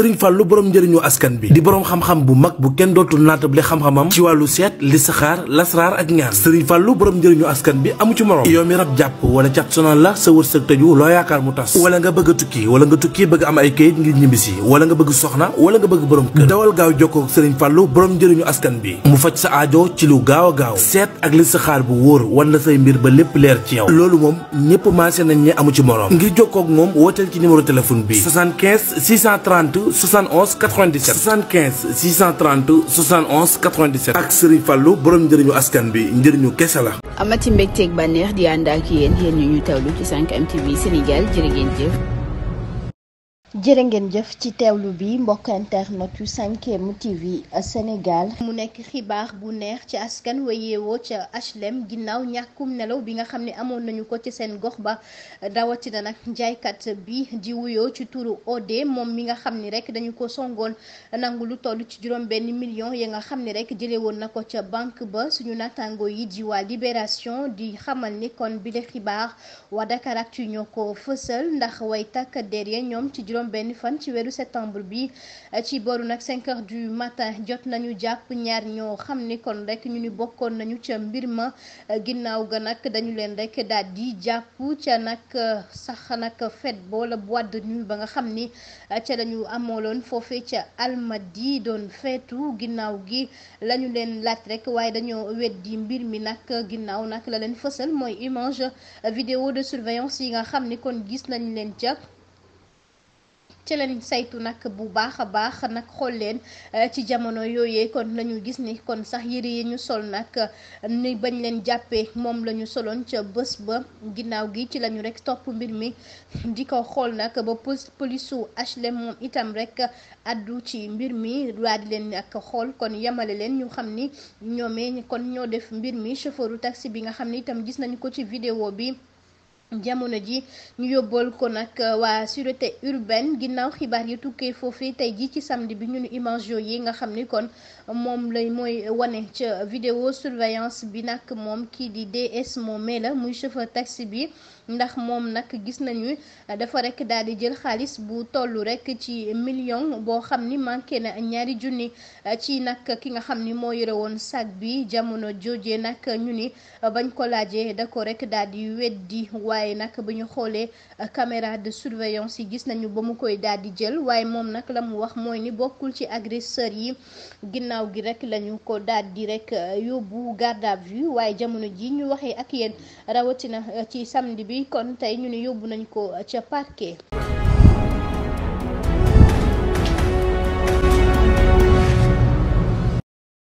sëriñ fàllu borom njëriñu askan bi di borom xam-xam bu mag bu kenn dootul naatable xam-xamam ci wàllu seet listixaar lasraar ak ñaan sëriñ fàllu borom njëriñu askan bi amu ci morom yow mi rab jàpp wala cat sonal la sa wërsëg tëju loo yaakaar mu tas wala nga bëgg a tukki nga tukki bëgg am ay kayit ngir ñibbisi wala nga bëgg soxna wala nga bëgg borom kër dawal gaaw jokkoo ak sëriñ fàllu borom njëriñu askan bi mu faj sa aajo ci lu gaaw a gaaw seet ak listixaar bu wóor wan la say mbir ba lépp leer ci yow loolu moom ñëpp maase nañ ñi amu ci morom ngir jokkoo moom wooteel ci numéro téléphone bi 75 71 97 75 630 71 97 ak Serigne Fallou borom njëriñu askan bi njëriñu kese la. amati mbégteeg bànneex di ànd ak yéen yéen ñu ñu tawlu ci 5M TV Sénégal jërë ngeen jëf ci teewlu bi mbokk internet yu 5M TV Sénégal mu nekk xibaar bu neex ci askan wa yeewoo ca HLM ginnaaw ñàkkum nelaw bi nga xam ne amoon nañu ko ca seen gox ba rawatina nag njaaykat bi di wuyoo ci turu Odé moom mi nga xam ni rek dañu ko songoon nangu lu toll ci juróom benn million ya nga xam ni rek jëlee woon na ko ca banque ba suñu naataango yi di waa Libération di xamal ni kon bile xibaar waa Dakaractu ñoo ko fësal ndax way takk der ya ñoom juróom benn fan ci weru septembre bi ci booru nag 5 heures du matin jot nañu jàpp ñaar ñoo xam ni kon rekk ñu ni bokkoon nañu ca mbir ma ginnaaw ga nag dañu leen rek daal di jàpp ca nag sax nag fet boola boîte de nuit ba nga xam ni ca lañu amooloon foofe ca Almadies doon feetu ginnaaw gi lañu leen laaj rek waaye dañoo weddi mbir mi nag ginnaaw nag la leen fësal mooy image vidéo de surveillance yi nga xam ni kon gis nañ leen ca ci saytu nag bu baax a baax nag xool leen eh, ci jamono yooyee kon lañu gis ni kon sax yëre yi ñu sol nag ni bañ leen jàppee moom lañu soloon ca bës ba ginnaaw gi ci lañu rek topp mbir mi di ko xool nag ba polisu HLM moom itam rek addu ci mbir mi waa di leen ak xool kon yemale leen ñu xam ni ñoomee kon ñoo def mbir mi chauffeuru taxi bi nga xam ni itam gis nañu ko ci vidéo bi jamono ji ñu yóbbal ko nag euh, waa sûreté urbaine ginnaaw xibaar yi tukkee foofu tey jii ci samedi bi ñu nu image yooyu nga xam ni kon moom lay mooy wane ca vidéo surveillance bi nag moom kii di DS Momé la muy chauffeur taxi bi ndax moom nag gis nañu euh, dafa rekk daal di jël xaalis bu toll rek ci million boo xam ni manqué na ñaari junni euh, ci nag ki nga xam ni moo yore woon sac bi jamono joojee nag ñu ni bañ ko da ko rek daal di weddi waaye nag bu ñu xoolee euh, caméra de surveillance yi gis nañu ba mu koy daal jël waaye moom nag la mu wax mooy ni bokkul ci agresseur yi ginnaaw gi rek lañu ko daal di rek euh, yóbbu garde à vue waaye jamono ji ñu waxee ak yéen rawatina euh, ci samedi bi kon tey ñu ne yóbbu nañu ko ca parquet.